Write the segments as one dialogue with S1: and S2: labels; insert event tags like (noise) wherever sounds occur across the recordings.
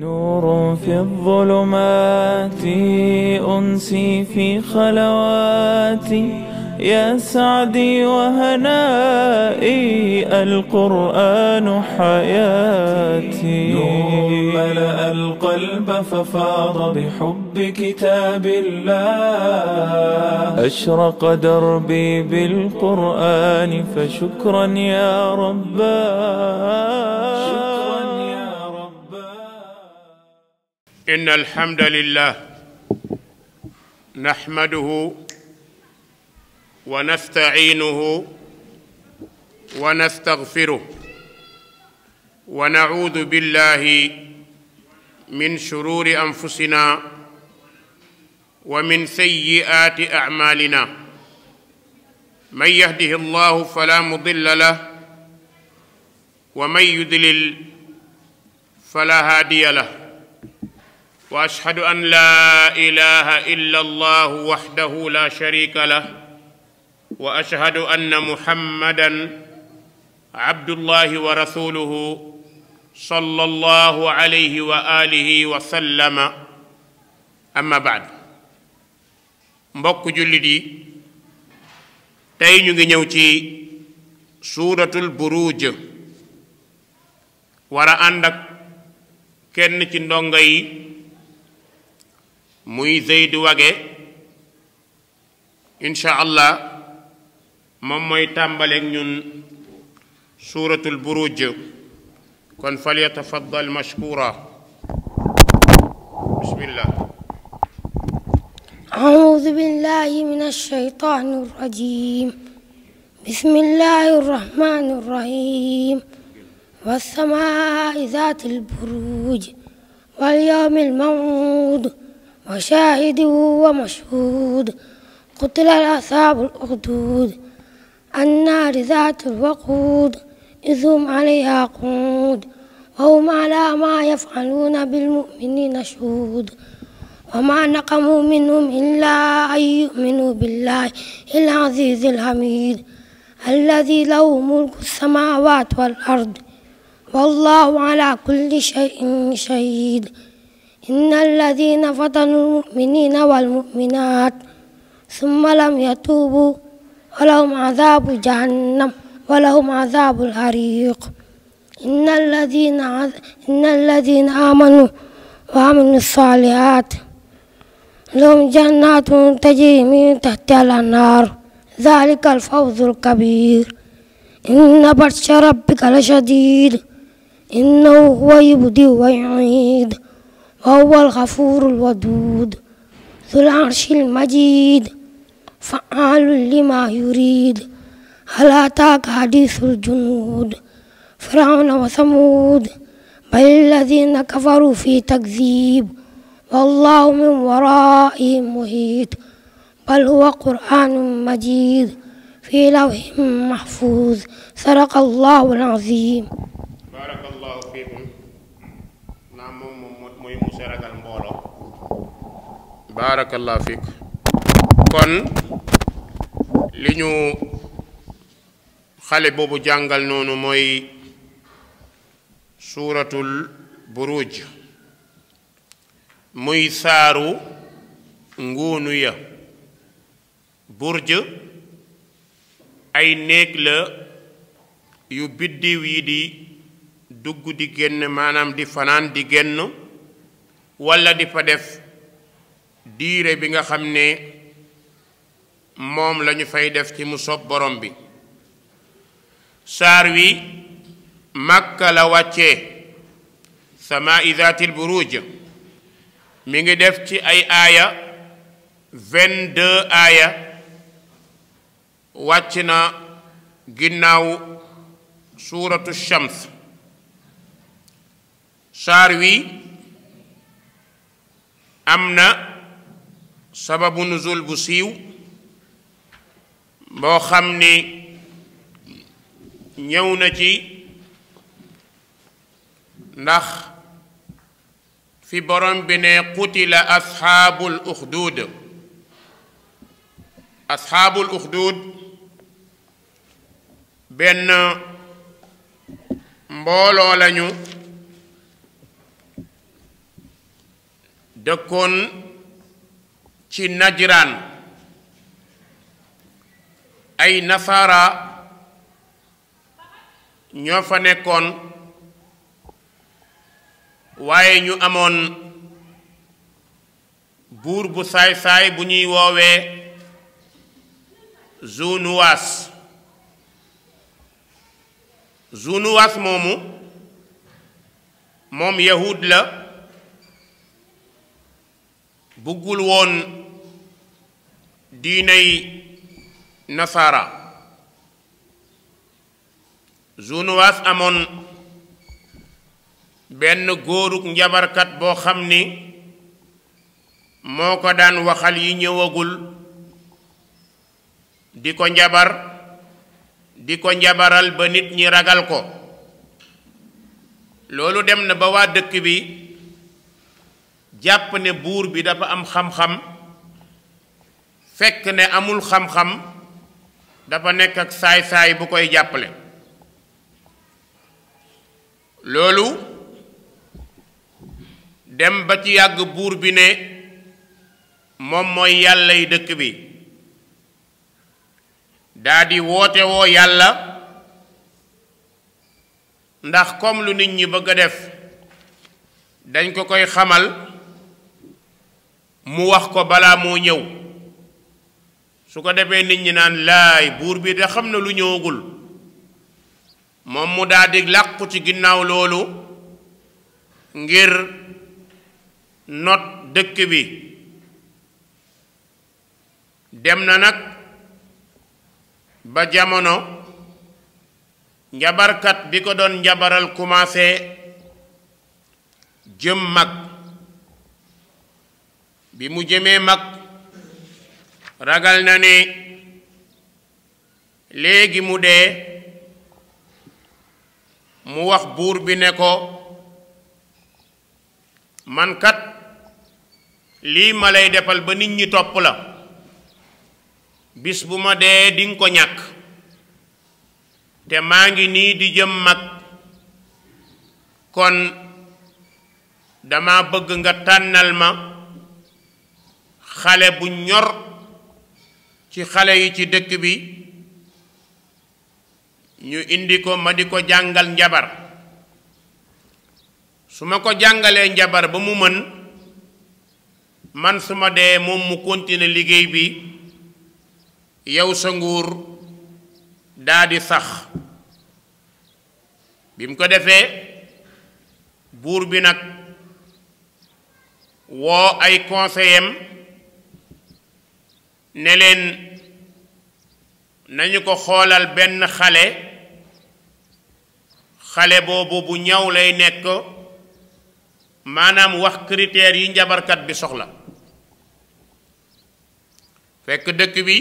S1: نور في الظلمات أنسي في خلواتي يا سعدي وهنائي القرآن حياتي نور ملأ القلب ففاض بحب كتاب الله أشرق دربي بالقرآن فشكرا يا رباه
S2: إن الحمد لله نحمده ونستعينه ونستغفره ونعوذ بالله من شرور أنفسنا ومن سيئات أعمالنا من يهده الله فلا مضل له ومن يضلل فلا هادي له واشهد ان لا اله الا الله وحده لا شريك له واشهد ان محمدا عبد الله ورسوله صلى الله عليه واله وسلم اما بعد mbokk jullit yi tey ñu ngi ñëw ci suuratul buruj war a ànd ak kenn ci ndongo yi muy Zeydu Wage incha allah moom mooy tàmbaleeg ñun suuratul buruj kon fal yatafaddal mashkura bismillah
S1: أعوذ بالله من الشيطان الرجيم بسم الله الرحمن الرحيم والسماء ذات البروج واليوم الموعود وشاهد ومشهود قتل أصحاب الأخدود النار ذات الوقود إذ هم عليها قعود وهم على ما يفعلون بالمؤمنين شهود وما نقموا منهم إلا أن يؤمنوا بالله العزيز الحميد الذي له ملك السماوات والأرض والله على كل شيء شهيد إن الذين فتنوا المؤمنين والمؤمنات ثم لم يتوبوا ولهم عذاب جهنم ولهم عذاب الحريق إن الذين عذ... إن الذين آمنوا وعملوا الصالحات لهم جنات تجري من تحتها الأنهار ذلك الفوز الكبير إن بطش ربك لشديد إنه هو يبدي ويعيد وهو الغفور الودود ذو العرش المجيد فعال لما يريد هل أتاك حديث الجنود فرعون وثمود بل الذين كفروا في تكذيب والله من ورائهم محيط بل هو قرآن مجيد في لوح محفوظ صدق الله العظيم
S2: بارك الله فيكم barakallahu fiik kon li ñu xale boobu jàngal noonu mooy suuratul buruj muy saaru nguunu ya burj ay néeg la yu biddiw yi di dugg di génn maanaam di fanaan di génn walla di fa def diire bi nga xam ne moom lañu fay def ci mu sob borom bi saar wi màkka la wàccee sama idaatil buruj mi ngi def ci ay aaya vingt-deux aaya wàcc na ginnaaw suuratu shams saar wi am na sababu nuzul bu siiw boo xam ni ñëw na ci ndax fi borom bi ne qutila asxaabul uxduud asxaabul uxduud benn mbooloo lañu dëkkoon ci najraan ay nasaara ñoo fa nekkoon waaye ñu amoon buur bu saay-saay bu ñuy woowee zunuwaas zunuwaas moomu moom yahud la bëggul woon diinay nasaara zunuwaas amoon benn góorug njabarkat boo xam ni moo ko daan waxal yi ñëwagul di ko njabar di ko njabaral ba nit ñi ragal ko loolu dem na ba waa dëkk bi jàpp ne buur bi dafa am xam-xam fekk ne amul xam-xam dafa nekk ak saay-saay bu koy jàppale loolu dem ba ci yàgg buur bi ne moom mooy yàllay dëkk bi daldi wootewoo yàlla ndax comme lu nit ñi bëgg a def dañ ko koy xamal mu wax ko balaa moo ñëw su ko defee nit ñi naan laay buur bi de xam na lu ñëwagul moom mu daadi làqu ci ginnaaw loolu ngir not dëkk bi dem na nag ba jamono njabarkat bi ko doon njabaral commencé jëm mag bi mu jëmee mag ragal na ne léegi mu dee mu wax buur bi ne ko man kat lii ma lay defal ba nit ñi topp la bis bu ma dee dinga ko ñàkk te maa ngi nii di jëm mag kon dama bëgg nga tànnal ma xale bu ñor ci xale yi ci dëkk bi ñu indi ko ma di ko jàngal njabar su ma ko jàngalee njabar ba mu mën man suma ma dee moom mu continuer liggéey bi yow sa nguur daa sax bi mu ko defee buur bi nag woo ay conseillers ne leen nañu ko xoolal benn xale xale boobu bu ñaw lay nekk maanaam wax critères yi njabarkat bi soxla fekk dëkk bi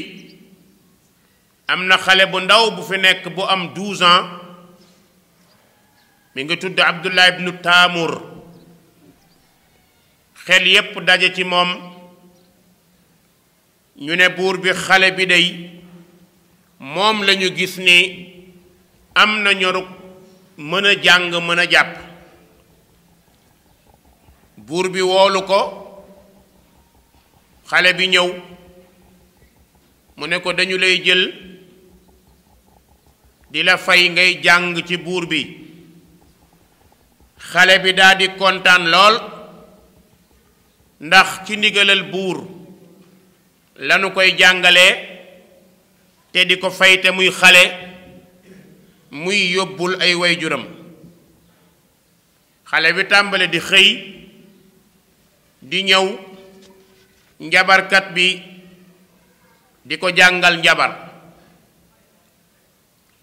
S2: am na xale bu ndaw bu fi nekk bu am 12 ans mi ngi tudd Abdullah ibnu Taamur xel yépp daje ci moom ñu ne buur bi xale bi dey moom lañu gis ni am na ñoruk mën a jàng mën a jàpp buur bi woolu ko xale bi ñëw mu ne ko dañu lay jël di la fay ngay jàng ci buur bi xale bi daldi kontaan lool ndax ci ndigalal buur lanu koy jàngalee te di ko fay te muy xale muy yóbbul ay wayjuram xale bi tàmbale di xëy di ñëw njabarkat bi di ko jàngal njabar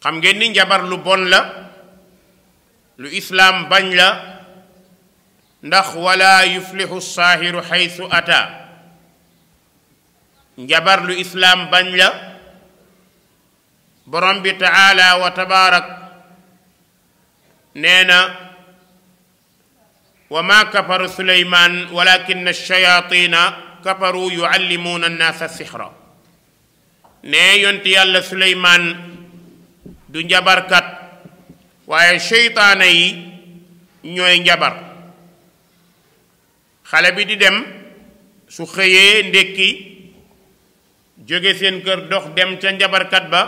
S2: xam ngeen ni njabar lu bon la lu islaam bañ la ndax wala yuflixu saaxiru xaytu ata njabar lu islaam bañ la borom bi taala wa tabaarak nee na wa maa kafaru suleymaan walakin ash-shayaatiina kafaru yuallimuuna annaasa sixra nee yonti yàlla suleymaan du njabarkat waaye seytaane yi ñooy njabar xale bi di dem su xëyee ndékki jóge seen kër dox dem ca njabarkat ba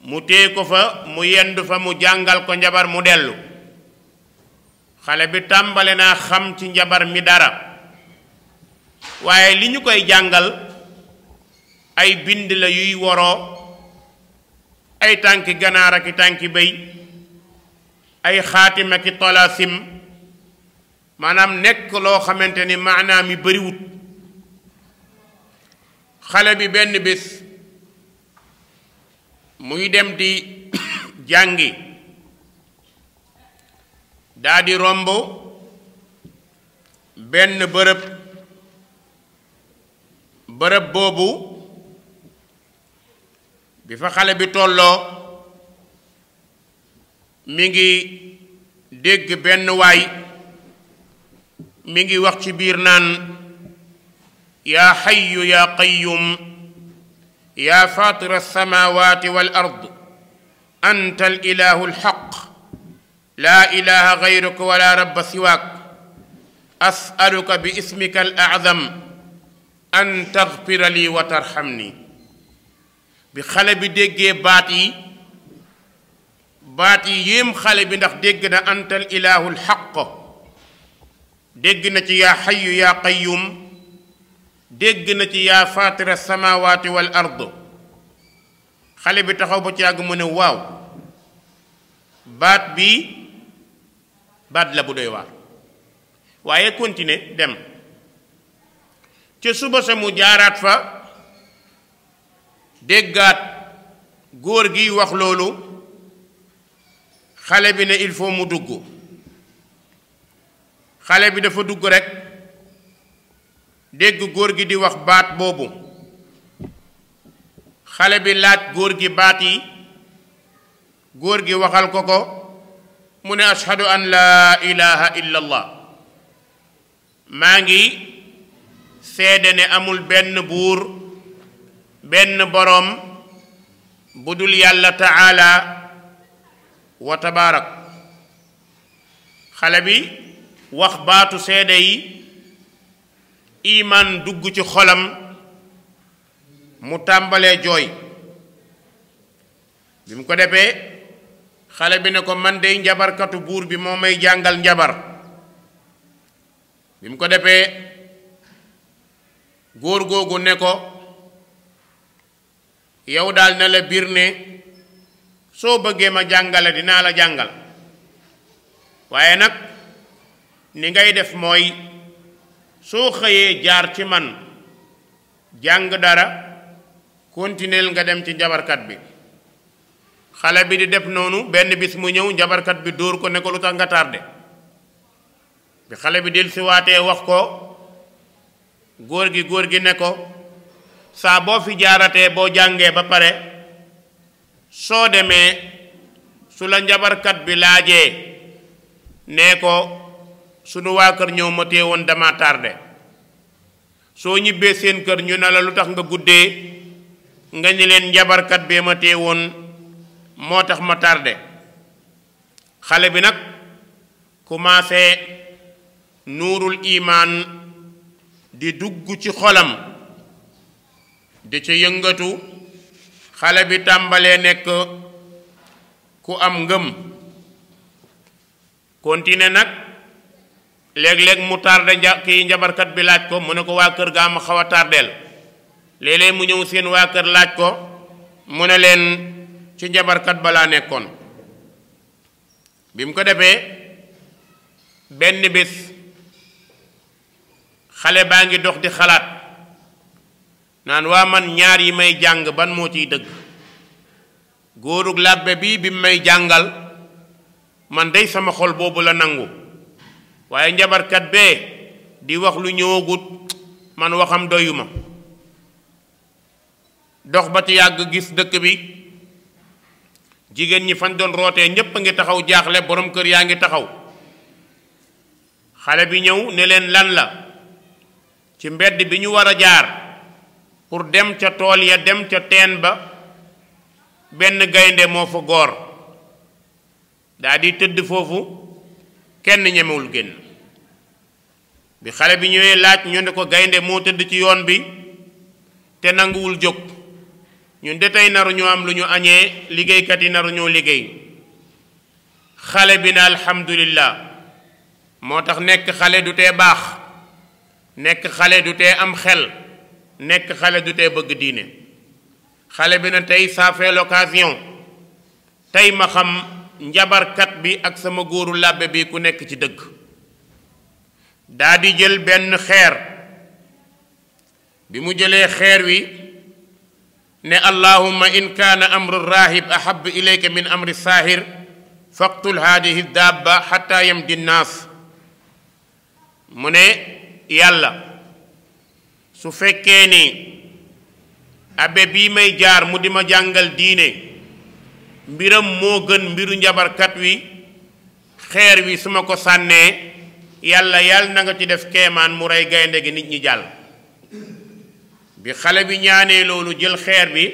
S2: mu téye ko fa mu yend fa mu jàngal ko njabar mu dellu xale bi tàmbale naa xam ci njabar mi dara waaye li ñu koy jàngal ay bind la yuy woroo ay tànki ganaar ak i tànki béy ay xaatim ak i tolaasim maanaam nekk loo xamante ni maanaam yi bariwut xale bi benn bés muy dem di (coughs) jàngi daa romb benn bërëb bërëb boobu bi fa xale bi tolloo mi ngi dégg benn waay mu ngi wax ci biir naan yaa xayu yaa qayum yaa fatira alsamawati wal ard anta alilahu alxaq laa ilaha gayruka wala rabba siwaak asaluka bi ismika alacdam an tagfira lii wa tarxam ni bi xale bi déggee baat yi baat yi yéem xale bi ndax dégg na antal ilaahu alxaq dégg na ci yaa xayu yaa qayum dégg na ci yaa faatira samaawaati wal ard xale bi taxaw ba ci yàgg mu ne waaw baat bi baat la bu doy waar waaye continuer dem ca suba sa mu jaaraat fa déggaat góor giy wax loolu xale bi ne il faut mu dugg xale bi dafa dugg rekk dégg góor gi di wax baat boobu xale bi laaj góor gi baat yi góor gi waxal ko ko mu ne ashhadu an laa ilaha illa maa ngi seede ne amul benn buur benn boroom bu dul yàlla taala wa tabaarak xale bi wax baatu seede yi imaan dugg ci xolam mu tàmbalee jooy bi mu ko defee xale bi ne ko man dey njabarkatu buur bi moo may jàngal njabar bi mu ko defee góor googu ne ko yow daal na la biir ne soo bëggee ma jàngale dinaa la jàngal waaye nag ni ngay def mooy soo xëyee jaar ci man jàng dara continuel nga dem ci njabarkat bi xale bi di def noonu benn bis mu ñëw njabarkat bi dóor ko ne ko lu tax nga tardé bi xale bi del siwaatee wax ko góor gi góor gi ne ko saa boo fi jaaratee boo jàngee ba pare soo demee su la njabarkat bi laajee nee ko sunu waa kër ñëw ma tee woon dama tardé soo ñibbee seen kër ñu ne la lu tax nga guddee nga ñi leen njabarkat bee ma tee woon moo tax ma tàrde xale bi nag commencé nuurul imaan di dugg ci xolam di ci yëngatu xale bi tàmbalee nekk ku am ngëm continué nag léeg-léeg mu tardé nja kii njabarkat bi laaj ko mu ne ko waa kër gaa ma xaw a tardeel léeg mu ñëw seen waa kër laaj ko mu ne leen ci jabarkat balaa nekkoon bi mu ko defee benn bés xale baa ngi dox di xalaat naan waa man ñaar yi may jàng ban moo ciy dëgg góorug làbbe bi bi may jàngal man day sama xol boobu la nangu waaye njabarkat bee di wax lu ñëwagut man waxam doyuma dox ba ci yàgg gis dëkk bi jigéen ñi fañ doon rootee ñépp a ngi taxaw jaaxle boroom kër yaa ngi taxaw xale bi ñëw ne leen lan la ci mbedd bi ñu war a jaar pour dem ca tool ya dem ca teen ba benn gaynde moo fa goor daa tëdd foofu kenn ñemewul génn bi xale bi ñëwee laaj ñu ne ko gaynde moo tëdd ci yoon bi te nanguwul jóg ñun de tey naru ñu am lu ñu añee liggéeykat yi naru ñoo liggéey xale bi na alhamdulillah moo tax nekk xale du tee baax nekk xale du tee am xel nekk xale du tee bëgg diine xale bi na tey ça fait tey ma xam njabarkat bi ak sama góoru làbbe bi ku nekk ci dëgg daadi jël benn xeer bi mu jëlee xeer wi ne allahumma in kaana amru rahib ahab ilayka min amri saahir faqtul haadihi dabba xata yamdi nnaas mu ne yàlla su fekkee ni abe bii may jaar mu di ma jàngal diine mbiram moo gën mbiru njabarkat wi xeer wi suma ko sànnee yàlla yàlla na nga ci def keemaan mu rey gaynde gi nit ñi jàll bi xale bi ñaanee loolu jël xeer bi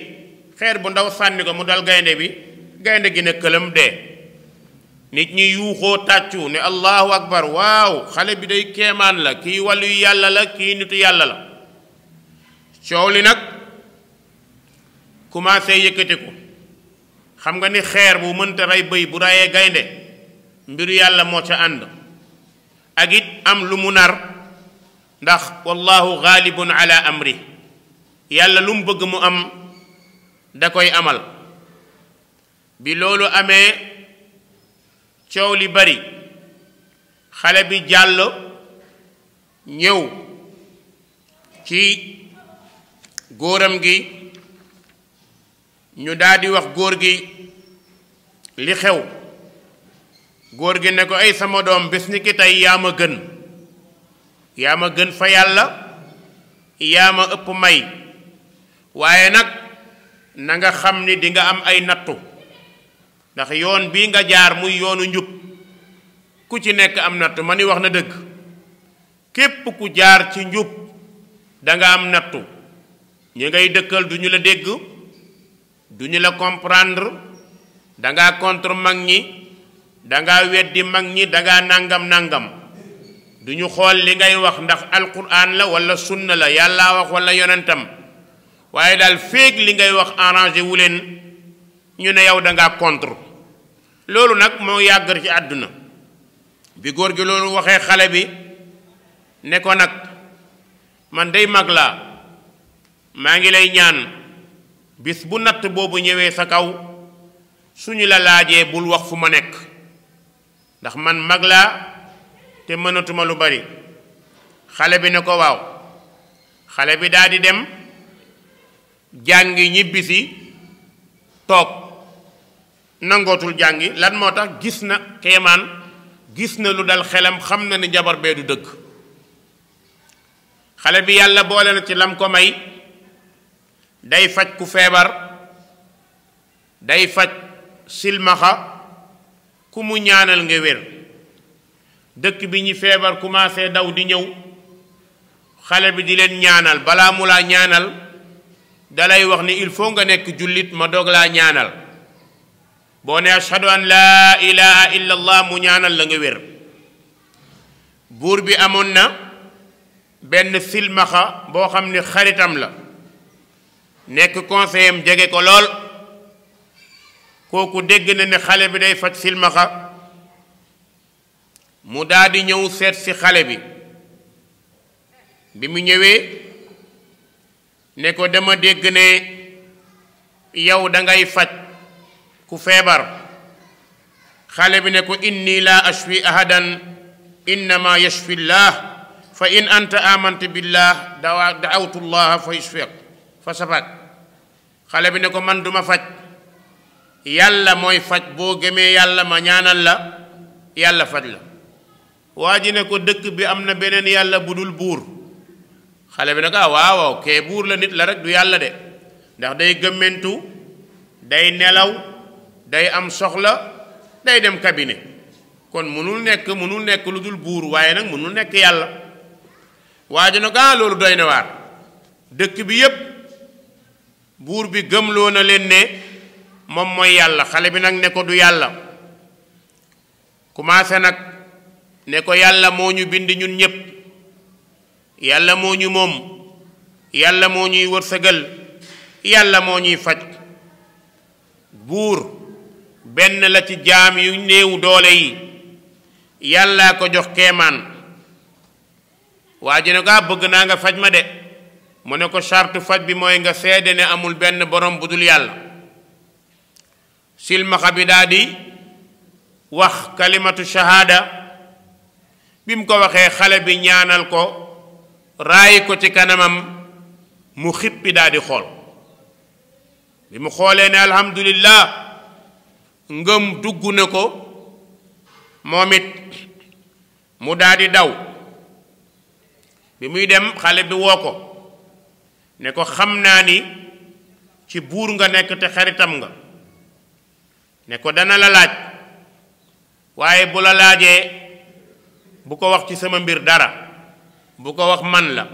S2: xeer bu ndaw sànni ko mu dal gaynde bi gaynde gi ne këlam de nit ñi yuuxoo tàccu ne allahu akbar waaw xale bi day kemaan la kii wàllu yàlla la kii nitu yàlla la coow li nag commencé yëkkati xam nga ni xeer bu mënta rey bëy bu rayee gaynde mbiru yàlla moo ca ànd ak it am lu mu nar ndax wallahu gaalibun ala yàlla lu mu bëgg mu am da koy amal bi loolu amee coow li bari xale bi jàll ñëw ci góoram gi ñu daldi wax góor gi li xew góor gi ne ko ay sama doom bés ni ki tey yaa ma gën yaa ma gën fa yàlla yaa ma ëpp may waaye nag na nga xam ni dinga am ay nattu ndax yoon bii nga jaar muy yoonu njub ku ci nekk am nattu ma ni wax na dëgg képp ku jaar ci njub danga am nattu ñi ngay dëkkal duñu la dégg duñu la comprendre danga contre mag ñi danga weddi mag ñi danga nangam nangam du ñu xool li ngay wax ndax alquran la wala sunna la yàllaa wax wala yonentam waaye daal féeg li ngay wax arrangé wu leen ñu ne yow danga contre loolu nag moo yàggar ci àdduna bi góor gi loolu waxee xale bi ne ko nag man dey mag laa maa ngi lay ñaan bis bu natt boobu ñëwee sa kaw suñu la laajee bul wax fu ma nekk ndax man mag laa te mënatuma lu bari xale bi ne ko waaw xale bi daal dem jàngi ñibbisi toog nangootul jàngi lan moo tax gis na kéemaan gis na lu dal xelam xam na ni jabar bee du dëgg xale bi yàlla boole na ci lam ko may day faj ku feebar day faj silmaxa ku mu ñaanal nga wér dëkk bi ñi feebar commencé daw di ñëw xale bi di leen ñaanal balaa mu laa ñaanal dalay wax ni il faut nga nekk jullit ma doog laa ñaanal boo ne ashhadu an laa ilaha illa mu ñaanal la nga wér buur bi amoon na benn silmaxa boo xam ne xaritam la nekk conseil am jege ko lool kooku dégg na ne xale bi day faj silmaxa mu daldi ñëw seet ci xale bi bi mu ñëwee ne ko dama dégg ne yow dangay faj ku feebar xale bi ne ko inni la ashfi ahadan innama yashfi llah fa in anta amanta billah daawtu llaha fa yashfiq fa safaak xale bi ne ko man duma faj yàlla mooy faj boo gëmee yàlla ma ñaanal la yàlla faj la waa ji ne ko dëkk bi am na beneen yàlla bu dul buur xale bi ne ko ah, waaw kee buur la nit la rek du yàlla de ndax day gëmmentu day nelaw day am soxla day dem cabinet kon mënul nekk mënul nekk lu dul buur waaye nag mënul nekk yàlla waa ji ne ah, loolu doy na waar dëkk bi yépp buur bi gëmloo na leen ne moom mooy yàlla xale bi nag ne ko du yàlla commencé nag ne ko yàlla moo ñu bind ñun ñépp yàlla moo ñu moom yàlla moo ñuy wërsëgal yàlla moo ñuy faj buur benn la ci jaam yu néew doole yi yàlla ko jox kemaan waa ji ne ko ah, bëgg naa nga faj ma de mu ne ko charte faj bi mooy nga seede ne amul benn borom bu dul yàlla silmaxa bi daa wax kalimatu shahaada bi mu ko waxee xale bi ñaanal ko raay ko ci kanamam mu xippi daa xool bi mu xoolee ne alhamdulillah ngëm dugg na ko moom it mu daa daw bi muy dem xale bi woo ko ne ko xam naa ni ci buur nga nekk te xaritam nga ne ko dana la laaj waaye bu la laajee bu ko wax ci sama mbir dara bu ko wax man la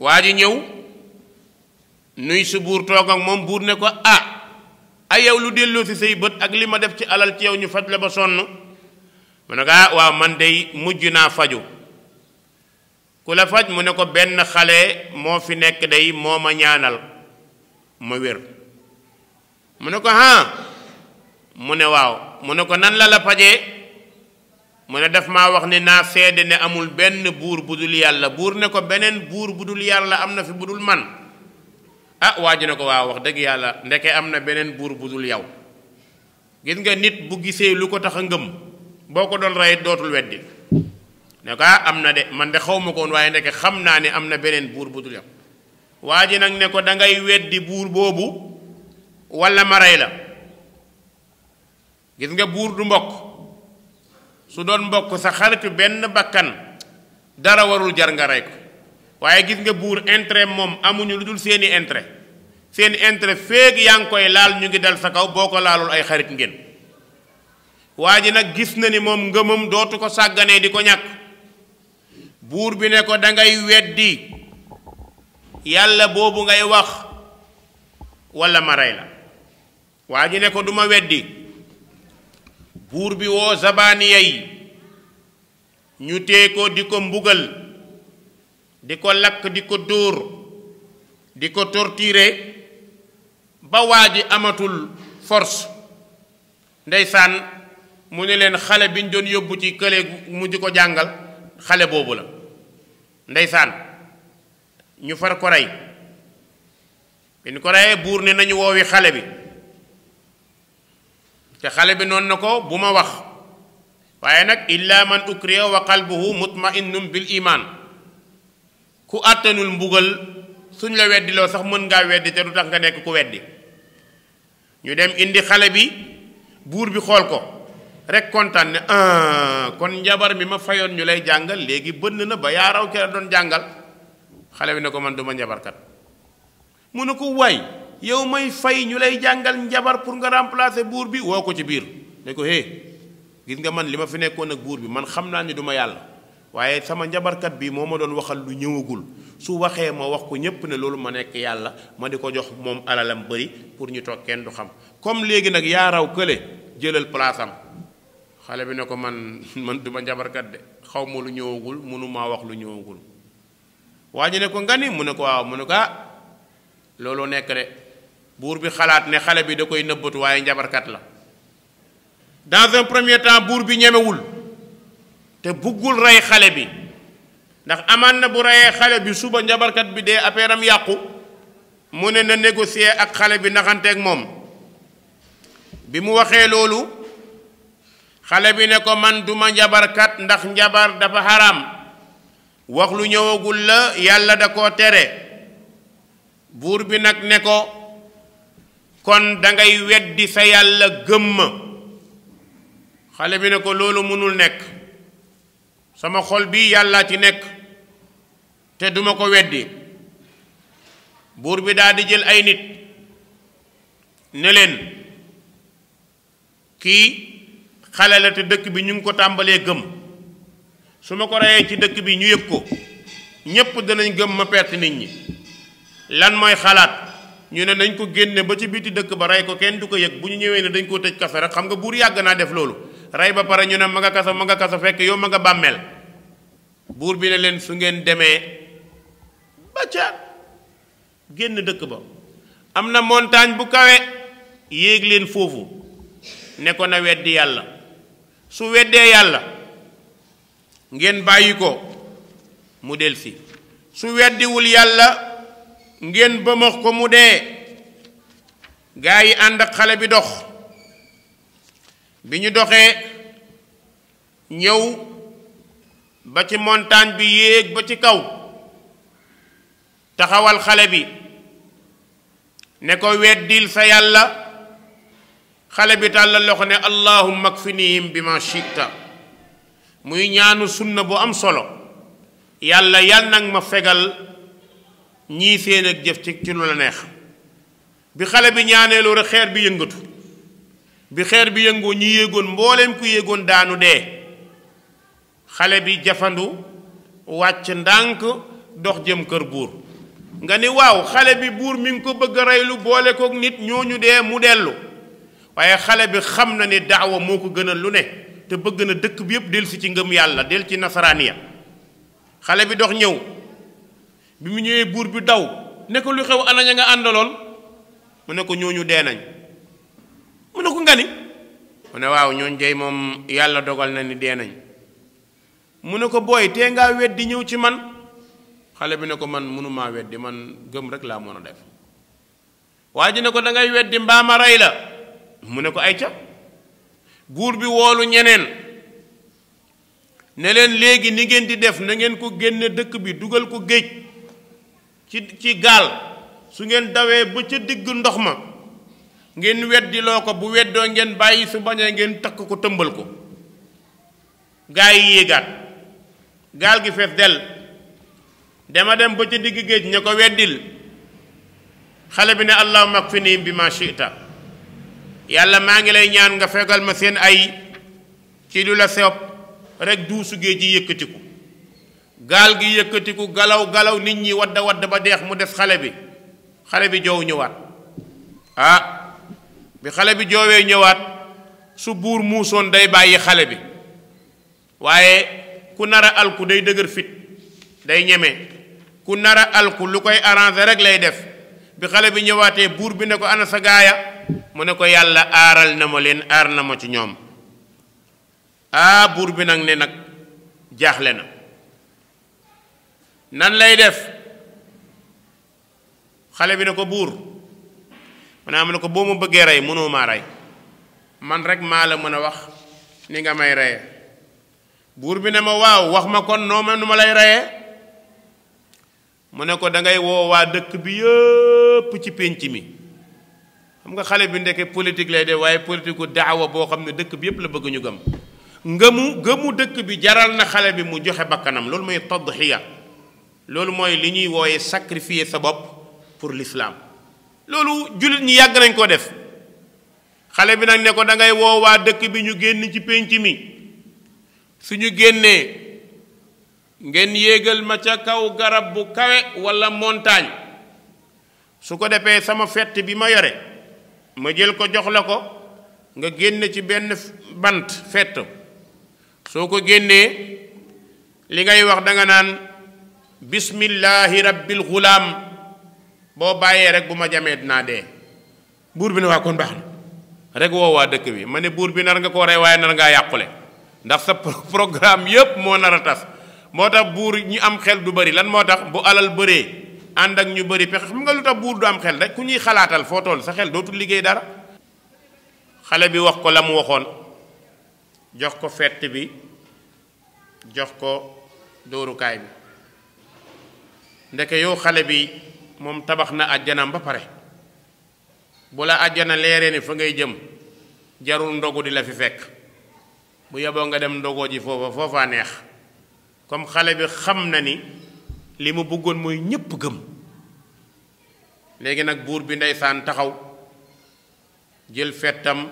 S2: waa ji ñëw nuyu su buur toog moom buur ne ko ah ay yow lu delloo si say bët ak li ma def ci alal ci yow ñu faj la ba sonn mu ne ko ah waaw man dey mujj naa faju ku la faj mu ne ko benn xale moo fi nekk day moo ma ñaanal ma wér mu ne ko ah mu ne waaw mu ne ko nan la la pajee mu ne daf maa wax ni naa sedd ne amul benn buur bu dul yàlla buur ne ko beneen buur bu dul yàlla am na fi bu dul man ah waa ji ne ko waaw wax dëgg yàlla ndeke am na beneen buur bu dul yow gis nga nit bu gisee lu ko tax a ngëm boo ko doon rey dootul weddi ne ko ah am na de man de xaw koon waaye ndeke xam naa ne am na beneen buur bu dul yow waa nag ne ko da weddi buur boobu walla ma rey la gis nga buur du mbokk su doon mbokk sa xaritu benn bàkkan dara warul jar nga rey ko waaye gis nga buur intérêt moom amuñu lu dul seeni intérêt seeni intérêt féeg yaa ngi koy laal ñu ngi dal sa kaw boo ko laalul ay xarit ngeen waa ji nag gis na ni moom ngëmam dootu ko sàgganee di ko ñàkk buur bi ne ko dangay weddi yàlla boobu ngay wax walla ma rey la waa ji ne ko duma weddi buur bi woo zabaaniya yi ñu tee ko di ko mbugal di ko lakk di ko dóor di ko torturer ba waa ji amatul force ndeysaan mu ne leen xale bi ñu doon yóbbu ci kële mu di ko jàngal xale boobu la ndeysaan ñu far ko rey bi ko reyee buur ne nañu woowi xale bi te xale bi noonu na ko bu ma wax waaye nag illa man ukriya wa qalbuhu mutma'innun bil imaan ku àttanul mbugal suñ la weddiloo sax mën ngaa weddi te du tax nga nekk ku weddi ñu dem indi xale bi buur bi xool ko rek kontaan ne ah, kon njabar mi ma fayoon ñu lay jàngal léegi bënn na ba yaaraw ke la doon jàngal xale bi ne ko man duma njabarkat mu ne ko waay yow may fay ñu lay jàngal njabar pour nga remplacer buur bi woo ko ci biir ne ko hé gis nga man li ma fi nekkoon ak buur bi man xam naa ni du ma yàlla waaye sama njabarkat bii moo ma doon waxal lu ñëwagul su waxee ma wax ko ñépp ne loolu ma nekk yàlla ma di ko jox moom alalam bëri pour ñu toog kenn du xam comme léegi nag yaa raw kële jëlal place xale bi ne ko man (laughs) man du ma njabarkat de xaw ma lu ñëwagul mënu maa wax lu ñëwagul waa ji ne ko nga ni ah, looloo nekk buur bi xalaat ne xale bi da koy nëbbatu waaye njabarkat la dans un premier temps buur bi ñemewul te buggul rey xale bi ndax amaan na bu reyee xale bi suba njabarkat bi dee afeeram yàqu mu ne na négocier ak xale bi naxanteeg moom bi mu waxee loolu xale bi ne ko man duma njabarkat ndax njabar dafa xaraam wax lu ñëwagul la yàlla da koo tere buur bi nag ne ko kon dangay weddi sa yàlla gëmma xale bi ne ko loolu mënul nekk sama xol bi yàllaa ci nekk te duma ko weddi buur bi daal jël ay nit ne leen kii xale la te dëkk bi ñu ngi ko tàmbalee gëm su ma ko reyee ci dëkk bi ñu yëg ko ñépp danañ gëm ma perte nit ñi lan mooy xalaat ñu ne nañ ko génne ba ci biti dëkk ba rey ko kenn du ko yëg bu ñu ñëwee ne dañ koo tëj kaso rek xam nga buur yàgg naa def loolu rey ba pare ñu ne ma nga kaso ma nga kaso fekk yow ma nga bàmmeel buur bi ne leen su ngeen demee ba ca génn dëkk ba am na montagne bu kawe yéeg leen foofu ne ko na weddi yàlla su weddee yàlla ngeen bàyyi ko mu delsi su weddiwul yàlla ngeen bëmax ko mu dee gaa yi ànd ak xale bi dox bi ñu doxee ñëw ba ci montagne bi yéeg ba ci kaw taxawal xale bi ne ko weddil sa yàlla xale bi tàllal loxo ne allahumma akfinihim bi ma shita muy ñaanu sunna bu am solo yàlla yal nag ma fegal ñii seen ak jëf ci ci lu la neex bi xale bi ñaaneelu rek xeer bi yëngatu bi xeer bi yëngoo ñi yéegoon mbooleem ku yéegoon daanu dee xale bi jafandu wàcc ndànk dox jëm kër buur nga ni waaw xale bi buur mi ngi ko bëgg a reylu boole kook nit ñooñu dee mu dellu waaye xale bi xam na ni daawa moo ko gënal lu ne te bëgg na dëkk bi yépp del si ci ngëm yàlla dell ci nasaraan ya xale bi dox ñëw bi mu ñëwee buur bi daw ne ko lu xew ana ña nga àndaloon mu ne ko ñooñu dee nañ mu ne ko nga ni mu ne waaw ñooñu dey moom yàlla dogal na ni dee nañ mu ne ko booy tee ngaa weddi ñëw ci man xale bi ne ko man mënumaa weddi man gëm rek laa mën a def waa ji ne ko dangay ngay weddi mbaama rey la mu ne ko ay ca buur bi woolu ñeneen ne leen léegi ni ngeen di def na ngeen ko génne dëkk bi dugal ko géej ci ci gaal su ngeen dawee ba ca digg ndox ma ngeen weddiloo ko bu weddoo ngeen bàyyi su bañee ngeen takk ko tëmbal ko gaa yi yéegaat gaal gi fees dell dama dem ba ca digg géej ña ko weddil xale bi ne allahumma akfini bi ma shi'ta yàlla maa ngi lay ñaan nga fegal ma seen ay ci lu la soob rek duusu géej yi yëkkatiku gaal gi yëkkatiku galaw galaw nit ñi wadda wadda ba deex mu des xale bi xale bi joow ñëwaat ah bi xale bi joowee ñëwaat su buur muusoon day bàyyi xale bi waaye ku nar a alku day dëgër fit day ñeme ku nara a alku lu koy arranger rek lay def bi xale bi ñëwaatee buur bi ne ko ana sa gaaya mu ne ko yàlla aaral na ma leen aar na ma ci ñoom ah buur bi nag ne nag jaaxle na nan lay def xale bi ne ko buur mu ne am ah, ne ko boo ma bëggee rey mënoo maa rey man rek maa la mën a wax ni nga may reye buur bi ne ma waaw wax ma kon noo ma nu ma lay reye mu ne ko dangay woo waa dëkk bi yëpp ci pénc mi xam nga xale bi ndeke politique lay def waaye politique ku daawa boo xam ne dëkk bi yëpp la bëgg ñu gëm ngëmu gëmu dëkk bi jaral na xale bi mu joxe bakkanam loolu mooy tadxiya loolu mooy li ñuy wooye sacrifier sa bopp pour l'islam loolu jullit ñi yàgg nañ ko def xale bi nag ne ko da ngay woo waa dëkk bi ñu génn ci pénc mi suñu génnee ngeen yéegal ma ca kaw garab bu kawe walla montagne su ko defee sama fett bi ma yore ma jël ko jox la ko nga génn ci benn bant fett soo ko génnee li ngay wax danga naan bismillahi rabbil gulaam boo bàyyee rek bu ma jamee dinaa dee buur bi ne waa kon baax na rek woo waa dëkk bi ma ne buur bi nar nga koo rey waaye nar ngaa yàqule ndax sa programme yépp moo nar a tas moo tax buur ñu am xel du bari lan moo tax bu alal bëree ànd ak ñu bari pexe xam nga lu tax buur du am xel rek ku ñuy xalaatal foo toll sa xel dootu liggéey dara xale bi wax ko la mu waxoon jox ko fett bi jox ko dóorukaay bi ndeke yow xale bi moom tabax na àjjanam ba pare bu la àjjana leeree ni fa ngay jëm jarul ndogu di la fi fekk bu yeboo nga dem ndogoo ji foofa foofaa neex comme xale bi xam na ni li mu bëggoon mooy ñépp gëm léegi nag buur bi ndeysaan taxaw jël fettam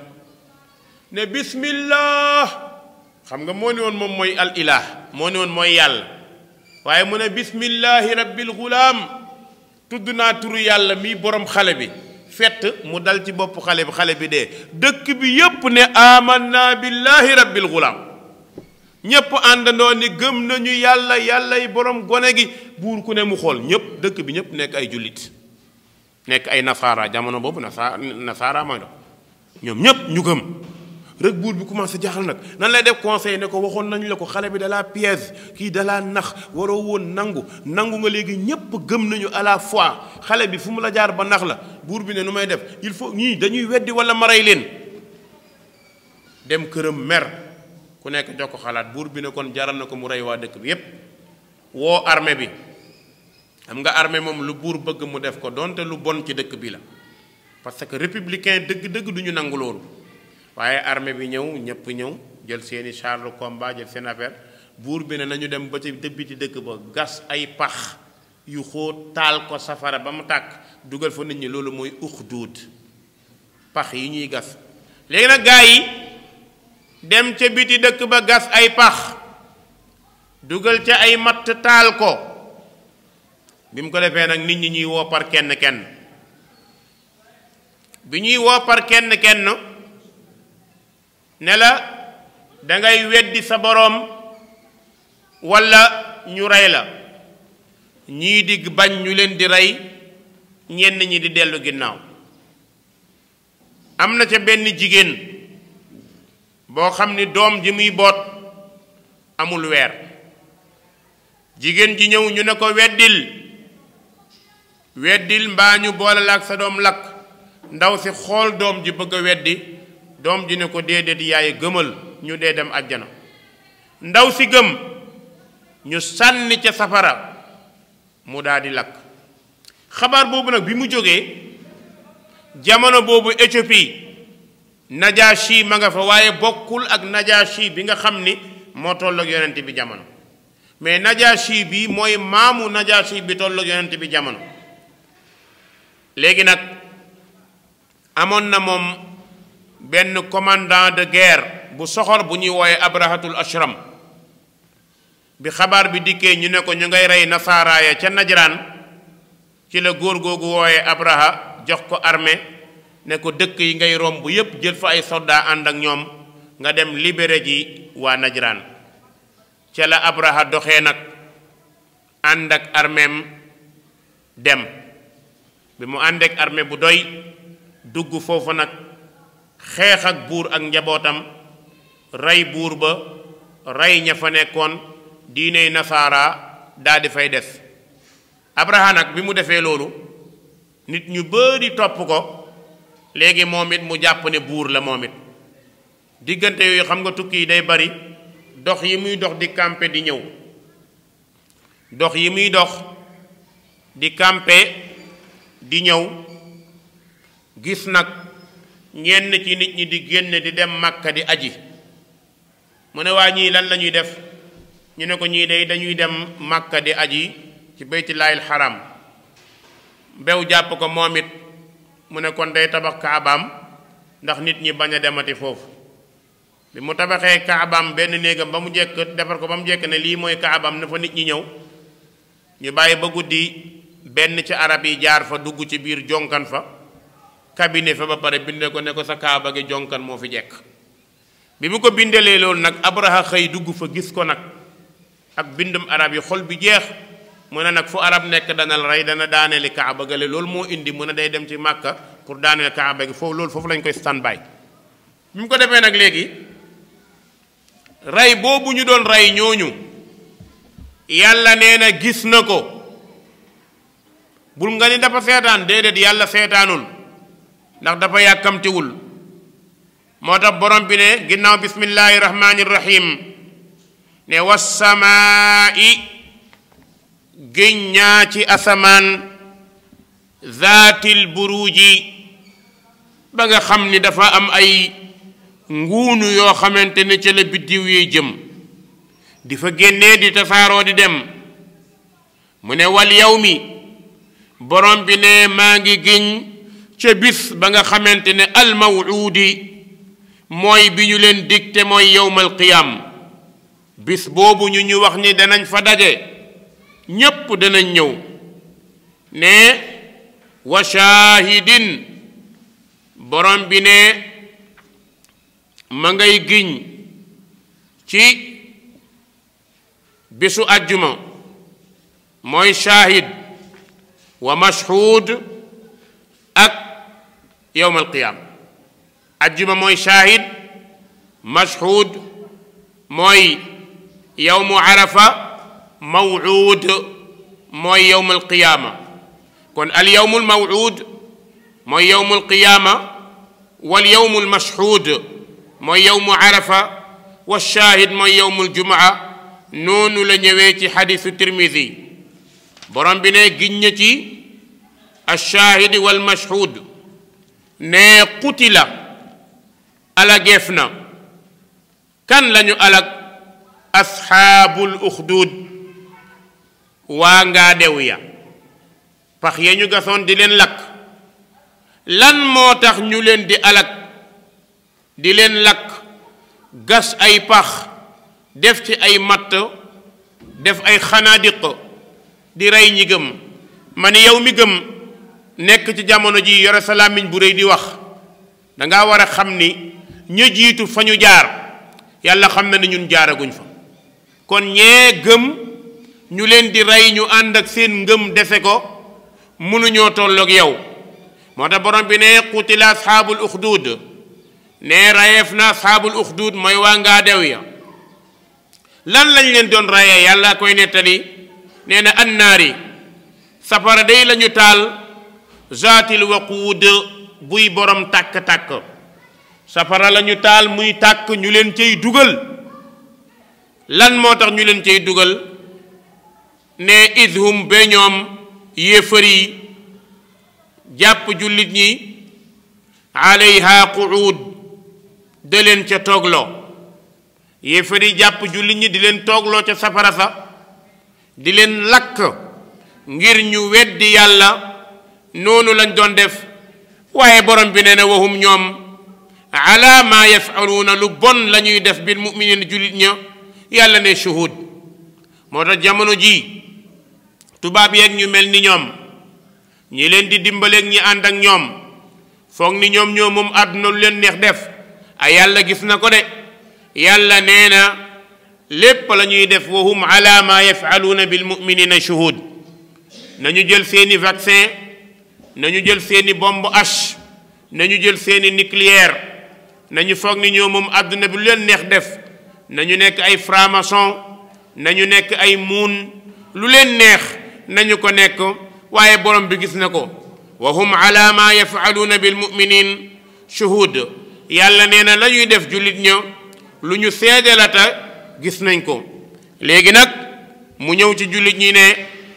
S2: ne bismillah xam nga moo ne woon moom mooy al ilah moo ne woon mooy yàlla waaye mu ne bismillahi rabbil gulaam tudd naa turu yàlla mii borom xale bi fett mu dal ci bopp xale bi xale bi dee dëkk bi yépp ne amanna billahi rabbil gulaam ñépp àndandoo ni gëm nañu yàlla yàllay borom gone gi buur ku ne mu xool ñépp dëkk bi ñépp nekk ay jullit nekk ay nasaara jamono boobu nasaara nasaara mooy dox ñépp ñu gëm rek buur bi commencé jaaxal nag nan lay def conseil ne ko waxoon nañu la ko xale bi dalaa piège kii dalaa nax waroo woon nangu nangu nga léegi ñépp gëm nañu à la fois xale bi fu mu la jaar ba nax la buur bi ne nu may def il faut ñii dañuy weddi wala ma rey leen dem këram mer ku nekk jox ko xalaat buur bi ne koon jaral na ko mu rey waa dëkk bi yépp woo armée bi xam nga armée moom lu buur bëgg mu def ko donte lu bon ci dëkk bi la parce que républicain dëgg-dëgg du nangu loolu waaye armée bi ñëw ñëpp ñëw jël seeni char de combat jël seen affaire buur bi ne nañu dem ba ci dëbbiti dëkk ba gas ay pax yu xóot taal ko safara ba mu tàkk dugal fa nit ñi loolu mooy ux duut pax yi ñuy gas léegi nag yi dem ca biti dëkk ba gas ay pax dugal ca ay matt taal ko bi mu ko defee nag nit ñi ñuy woo par kenn kenn bi ñuy woo par kenn kenn ne la dangay weddi sa boroom walla ñu rey la ñii digg bañ ñu leen di rey ñenn ñi di dellu ginnaaw am na ca benn jigéen boo xam ni doom ji muy boot amul weer jigéen ji ñëw ñu ne ko weddil weddil mbaa ñu boole ak sa doom lakk ndaw si xool doom ji bëgg a weddi doom dina ne ko déedéet yaay gëmal ñu dee dem àjjana ndaw si gëm ñu sànni ca safara mu daldi di lakk xabaar boobu nag bi mu jógee jamono boobu Éthiopie Najashi ma nga fa waaye bokkul ak najaa Najashi bi nga xam ni moo toll yonent bi jamono mais Najashi bi mooy maamu Najashi bi toll yonent bi jamono léegi nag amoon na moom benn commandant de bu soxor bu ñuy wooye abrahatul ashram bi xabaar bi dikkee ñu ne ko ñu ngay rey nasaara ya ca najraan ci la góor googu wooye abraha jox ko arme ne ko dëkk yi ngay romb yépp jël fa ay soldat ànd ak ñoom nga dem libéré ji waa najraan ca la abraha doxee nag ànd ak armeem dem bi mu ànd ak bu doy dugg foofu nag xeex ak buur ak njabootam rey buur ba rey ña fa nekkoon diiney nasaara daldi fay des abraha nag bi mu defee loolu nit ñu bari topp ko léegi moom it mu jàpp ne buur la moom it diggante yooyu xam nga tukki yi day bari dox yi muy dox di campe di ñëw dox yi muy dox di kampe di ñëw gis nag ñenn ci nit ñi di génn di dem màkka di aji mu ne waa ñii lan la ñuy def ñu ne ko ñii day dañuy dem màkka di aji ci baytilaayil xaram bew jàpp ko moom it mu ne kon day tabax kaabaam ndax nit ñi bañ a demati foofu bi mu tabaxee kaabaam benn néegam ba mu jekk defar ko ba mu jekk ne lii mooy kaabaam na fa nit ñi ñëw ñu bàyyi ba guddi benn ci arab yi jaar fa dugg ci biir jonkan fa cabinet fa ba pare binde ko ne ko sa kaaba gi jonkan moo fi jekk bi mu ko bindelee loolu nag abraha xëy dugg fa gis ko nag ak bindum arab yi xol bi jeex mu ne nag fu arab nekk dana la rey dana daaneeli kaaba gale loolu moo indi mu ne day dem ci màkka pour daaneel kaaba gi foofu loolu foofu lañ koy standby bi mu ko defee nag léegi rey boobu ñu doon ray ñooñu yàlla nee na gis na ko bul nga ni dafa seetaan déedéet yàlla seetaanul ndax dafa yàkkamtiwul moo tax borom bi ne ginnaaw bismillahi rahmaani rahim ne wassamaa'i génnaa ci asamaan zaatil buruuji ba nga xam ni dafa am ay nguunu yoo xamante ne ca la biddiw yiy jëm difa fa génnee di tasaaroo di dem mu ne wal yow mi borom bi ne maa ngi giñ ca bis ba nga xamante ne almawuudi mooy bi ñu leen digte mooy yowmal qiyaam bis boobu ñu ñu wax ni danañ fa daje ñépp danañ ñëw ne wa shaahidin borom bi ne ma ngay giñ ci bisu àjjuma mooy shaahid wa mashhuud yowmal qiyaam ajjuma mooy shahid mashhud mooy yowmu arafa mawuud mooy yowmal qiyaama kon al yowmul mawuud mooy yowmul qiyaama wal yowmul mashhud mooy yowmu arafa wa shahid mooy yowmul jumaa noonu la ñëwee ci xadisu tirmidi borom bi ne giñ na ci alchaahidi walmashhuud ne qutila alageef na kan lañu alag asxaabul uxduud waa ngaa dew ya pax ya ñu gasoon di leen lakk lan moo tax ñu leen di alag di leen lakk gas ay pax def ci ay matt def ay xanaadiq di rey ñi gëm ma ni yow mi gëm nekk ci jamono ji yore sa làmmiñ bu réy di wax danga war a xam ni ñu jiitu fa ñu jaar yàlla xam na ne ñun jaaraguñ fa kon ñee gëm ñu leen di rey ñu ànd ak seen ngëm dese ko mënuñoo tollook yow moo tax borom bi ne qutila asxaabul uxduud ne rayeef na asxaabul uxduud mooy waa ngaa dew ya lan lañ leen doon rayee yàlla koy nettali nee na annaari safara day lañu taal zaatil waquud buy boroom tàkk-tàkk safara la ñu taal muy tàkk ñu leen cay dugal lan moo tax ñu leen cay dugal ne idhum ba ñoom yéefar jàpp jullit ñi alayha quud da leen ca toogloo yéefar yi jàpp jullit ñi di leen toogloo ca safara sa di leen lakk ngir ñu weddi yàlla noonu lañ doon def waaye borom bi nee na waxum ñoom ala maa yafaluuna lu bon la ñuy def bil muminina jullit ña yàlla ne shuhud moo tax jamono jii tubaab yeeg ñu mel ni ñoom ñi leen di dimbaleek ñi ànd ak ñoom foog ni ñoom ñoo moom àdduna lu leen neex def a yàlla gis na ko de yàlla nee na lépp la ñuy def wahum ala maa yafaluuna bil muminina shuhud nañu jël seeni vaccin nañu jël seeni bombe H nañu jël seeni nucléaire nañu foog ni ñoo moom àdduna bi lu leen neex def nañu nekk ay franc nañu nekk ay muun lu leen neex nañu ko nekk waaye borom bi gis na ko wa hum ala ma yafaluuna bil muminin shuhud yàlla nee na lañuy def jullit ña lu ñu seede gis nañ ko léegi nag mu ñëw ci jullit ñi ne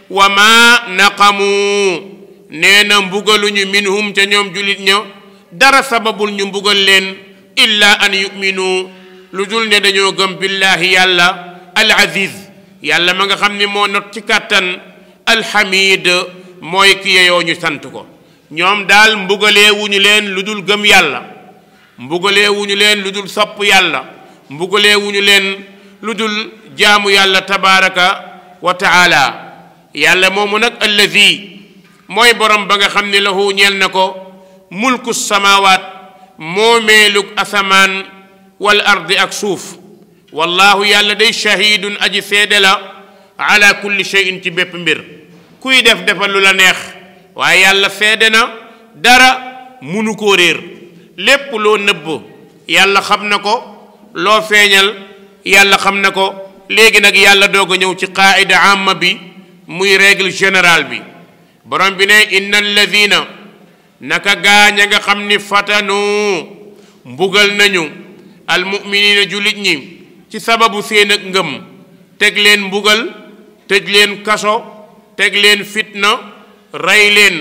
S2: wa ma naqamu nee na mbugaluñu minhum ca ñoom jullit ña dara sababul ñu mbugal leen illa an yuminu lu dul ne dañoo gëm billaahi yàlla al aziz yàlla ma nga xam ni moo not ci kàttan alhamid mooy ki yeyoo ñu sant ko ñoom daal mbugalee leen lu dul gëm yàlla mbugalee leen lu dul sopp yàlla mbugalee wu leen lu dul jaamu yàlla tabaraka wa taala yàlla moomu nag allazi mooy borom ba nga xam ni lahu ñeel na ko mulku samawaat moomeelug asamaan wal ardi ak suuf wallahu yàlla day shahidun aji seede la ala kulli shay'in ci bépp mbir kuy def defal lu la neex waaye yàlla seede na dara munu koo réer lépp loo nëbb yàlla xam na ko loo feeñal yàlla xam na ko léegi nag yàlla doog a ñëw ci qaida amma bi muy règle générale bi borom bi ne inna alladina naka gaañ a nga xam ni fatanu mbugal nañu almuminina jullit ñi ci sababu seen ak ngëm teg leen mbugal tëj leen kaso teg leen fitna rey leen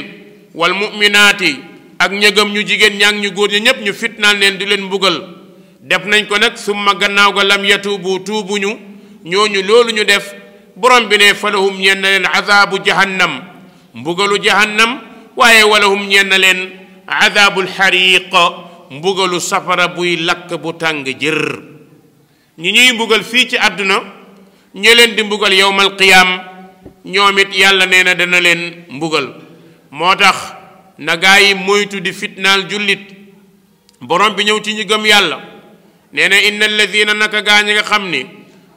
S2: wal muminaati ak ñëgëm ñu jigéen ñaa ngi ñu góor ñi ñépp ñu fitnaan leen di leen mbugal def nañ ko nag summa gannaaw ga lam yatuubu tuubuñu ñooñu loolu ñu def borom bi ne falahum ñeen na leen azaabu jahannam mbugalu jahannam waaye walahum ñeen na leen adaabul xariiq mbugalu safara buy lakk bu tàng jër ñi ñuy mbugal fii ci àdduna ñe leen di mbugal yowmal qiyaam ñoomit yàlla nee na dana leen mbugal moo tax na gaa yi moytu di fitnaal jullit borom bi ñëw ci ñi gëm yàlla nee na inna alladina naka gaa ñi nga xam ni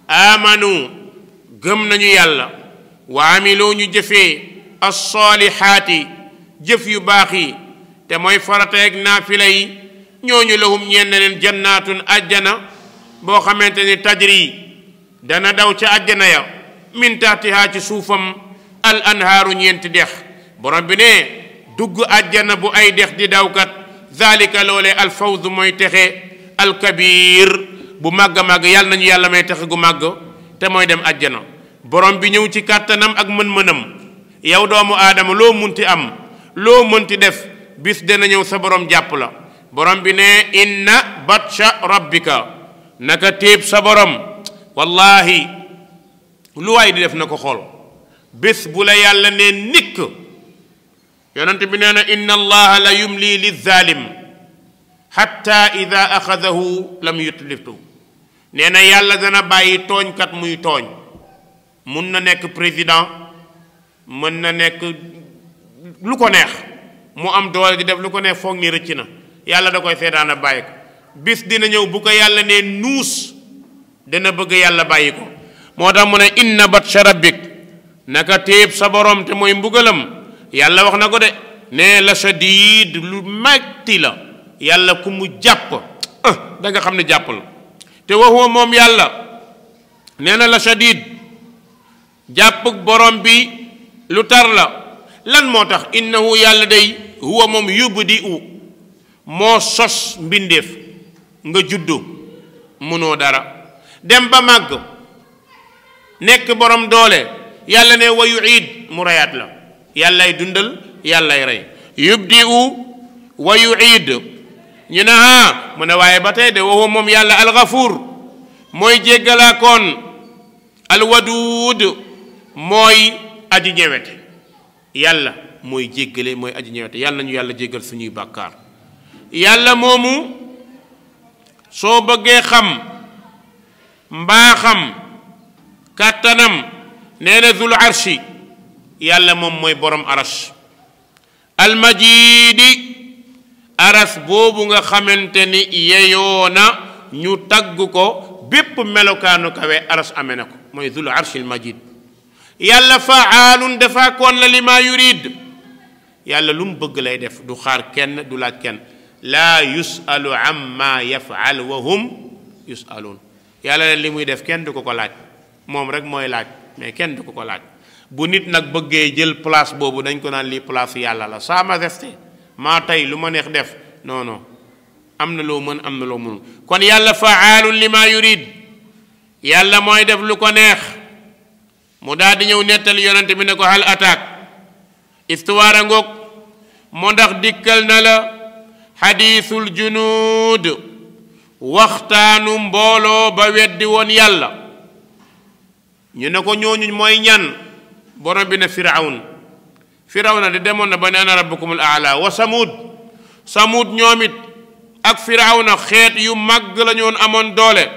S2: aamanu gëm nañu yàlla wa amiloo ñu jëfee as-saalihaati jëf yu baax yi te mooy farateeg naafila yi ñooñu lahum ñeen leen jannaatun ajjana boo xamante ni tajri dana daw ca ajjana ya min taxtihaa ci suufam al anhaaru ñeenti dex borom bi ne dugg ajjana bu ay dex di dawkat zalika loolee al fawz mooy texe al kabiir bu màgg màgg yàlla nañu yàlla may texe gu màgg te mooy dem ajjana borom bi ñëw ci kàttanam ak mën-mënam yow doomu aadama loo munti am loo ti def bés dana ñëw sa borom jàpp la borom bi ne inna batsha rabbika naka téeb sa borom wallahi lu waay di def na ko xool bés bu la yàlla ne nikk yonent bi nee na inna allaha la yumli lizalim xatta ida axadahu lam yutliftu nee na yàlla dana bàyyi tooñkat muy tooñ mun na nekk président mën na nekk lu ko neex mu am doole di def lu ko neex foog ni rëcc na yàlla da koy seetaan a bàyyi ko bis dina ñëw bu ko yàlla ne nuus dana bëgg yàlla bàyyi ko moo tax mu ne inna batsha rabbik naka téeb sa borom te mooy mbugalam yàlla wax na ko de ne la shadiid lu metti la yàlla ku mu jàpp ah, da xam ne jàpp la te waxuma moom yàlla nee na la shadiid jàpp borom bi lu tar la lan moo tax innahu yàlla day huwa moom yubdi'u moo sos mbindeef nga juddu mënoo dara dem ba màgg nekk borom doole yàlla ne wa yu'iid mu reyaat la yàllay dundal yàllay rey yubdi'u wa yu'iid ñu ne ah mu ne waaye ba tey de waxu moom yàlla alxafuur mooy jéggalaakoon alwaduud mooy aji ñewete yàlla mooy jéggale mooy aji ñewete yàlla ñu yàlla jéggal suñuy bàkkaar yàlla moomu soo bëggee xam mbaaxam kàttanam nee na zul arshi yàlla moom mooy borom arash almajiidi aras boobu nga xamante ni yeyoo na ñu tàgg ko bépp melokaanu kawe aras amee na ko mooy zul arshi almajid yàlla faalun dafa koon la li maa yurid yàlla lu mu bëgg lay def du xaar kenn du laaj kenn laa yusalu amma yafaal wa hum yusaluun yàlla leen li muy def kenn du ko ko laaj moom rek mooy laaj mais kenn du ko ko laaj bu nit nag bëggee jël place boobu dañ ko naan lii place yàlla la saa ma maa tey lu ma neex def non am na loo mën am na loo mënul kon yàlla faalun li yurid yàlla mooy def lu ko neex mu daal di ñëw nettali yonent bi ne ko hal ataak istuwaar a ngoog moo ndax dikkal na la xadiisul junuud waxtaanu mbooloo ba weddi woon yàlla ñu ne ko ñooñu mooy ñan borom bi ne firawn firawna de demoon na ba ne ana rabbukumul aala wa samuud samuud ñoom it ak firawna xeet yu màgg la ñoon amoon doole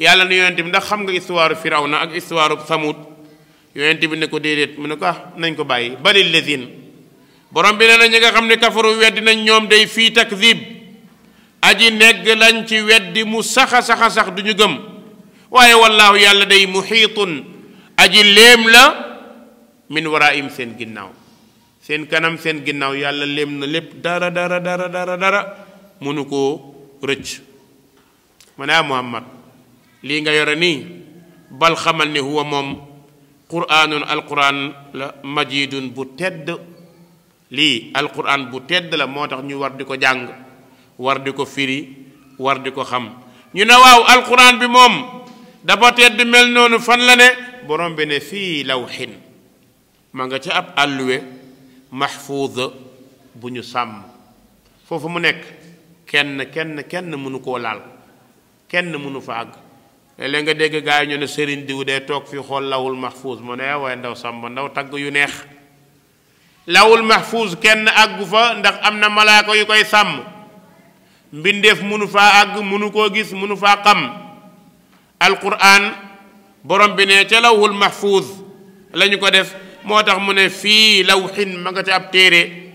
S2: yàlla ne yonent bi ndax xam nga istuwaaru firawna ak istuwaaru samuud yonent bi ne ko déedéet mu ne ko ah nañ ko bàyyi balil lazine borom bi nee na nga xam ne kafaru weddi nañ ñoom day fii takdib aji negg lañ ci weddi mu saxa saxa sax duñu ñu gëm waaye wallaahu yàlla day muxiitun aji léem la min im seen ginnaaw seen kanam seen ginnaaw yàlla léem na lépp dara dara dara dara dara mënu koo rëcc ma ne ah, Muhammad lii nga yore nii bal xamal ni huwa moom quraanun alquran la majidun bu tedd lii alquran bu tedd la moo tax ñu war di ko jàng war di ko firi war di ko xam ñu ne waaw alquran bi moom dafa tedd mel noonu fan la ne borom bi ne fii law xin ma nga ca ab àlluwe mahfuuza bu ñu sàmm foofu mu nekk kenn kenn kenn mënu koo laal kenn mënu fa àgg léeg nga dégg gaa yi ñu ne sëriñ diw dee toog fi xool lawul mahfuus mu ne waaye ndaw sàmba ndaw tagg yu neex lawul mahfuus kenn àggu fa ndax am na malaaka yu koy sàmm mbindeef mënu faa àgg mënu koo gis mënu faa xam alquran borom bi ne ca lawul lañu ko def moo tax mu ne fii lawxin ma nga ca ab téere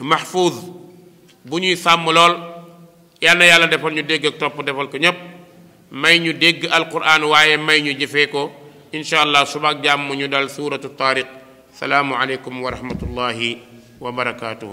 S2: mahfuus bu ñuy sàmm lool yàlla yàlla defal ñu dégg ak topp defal ko ñépp may ñu dégg alquran waaye may ñu jëfee ko incha allah suba ak jàmm ñu dal suuratu taariq salaamu aleykum wa rahmatullahi wa barakaatuhu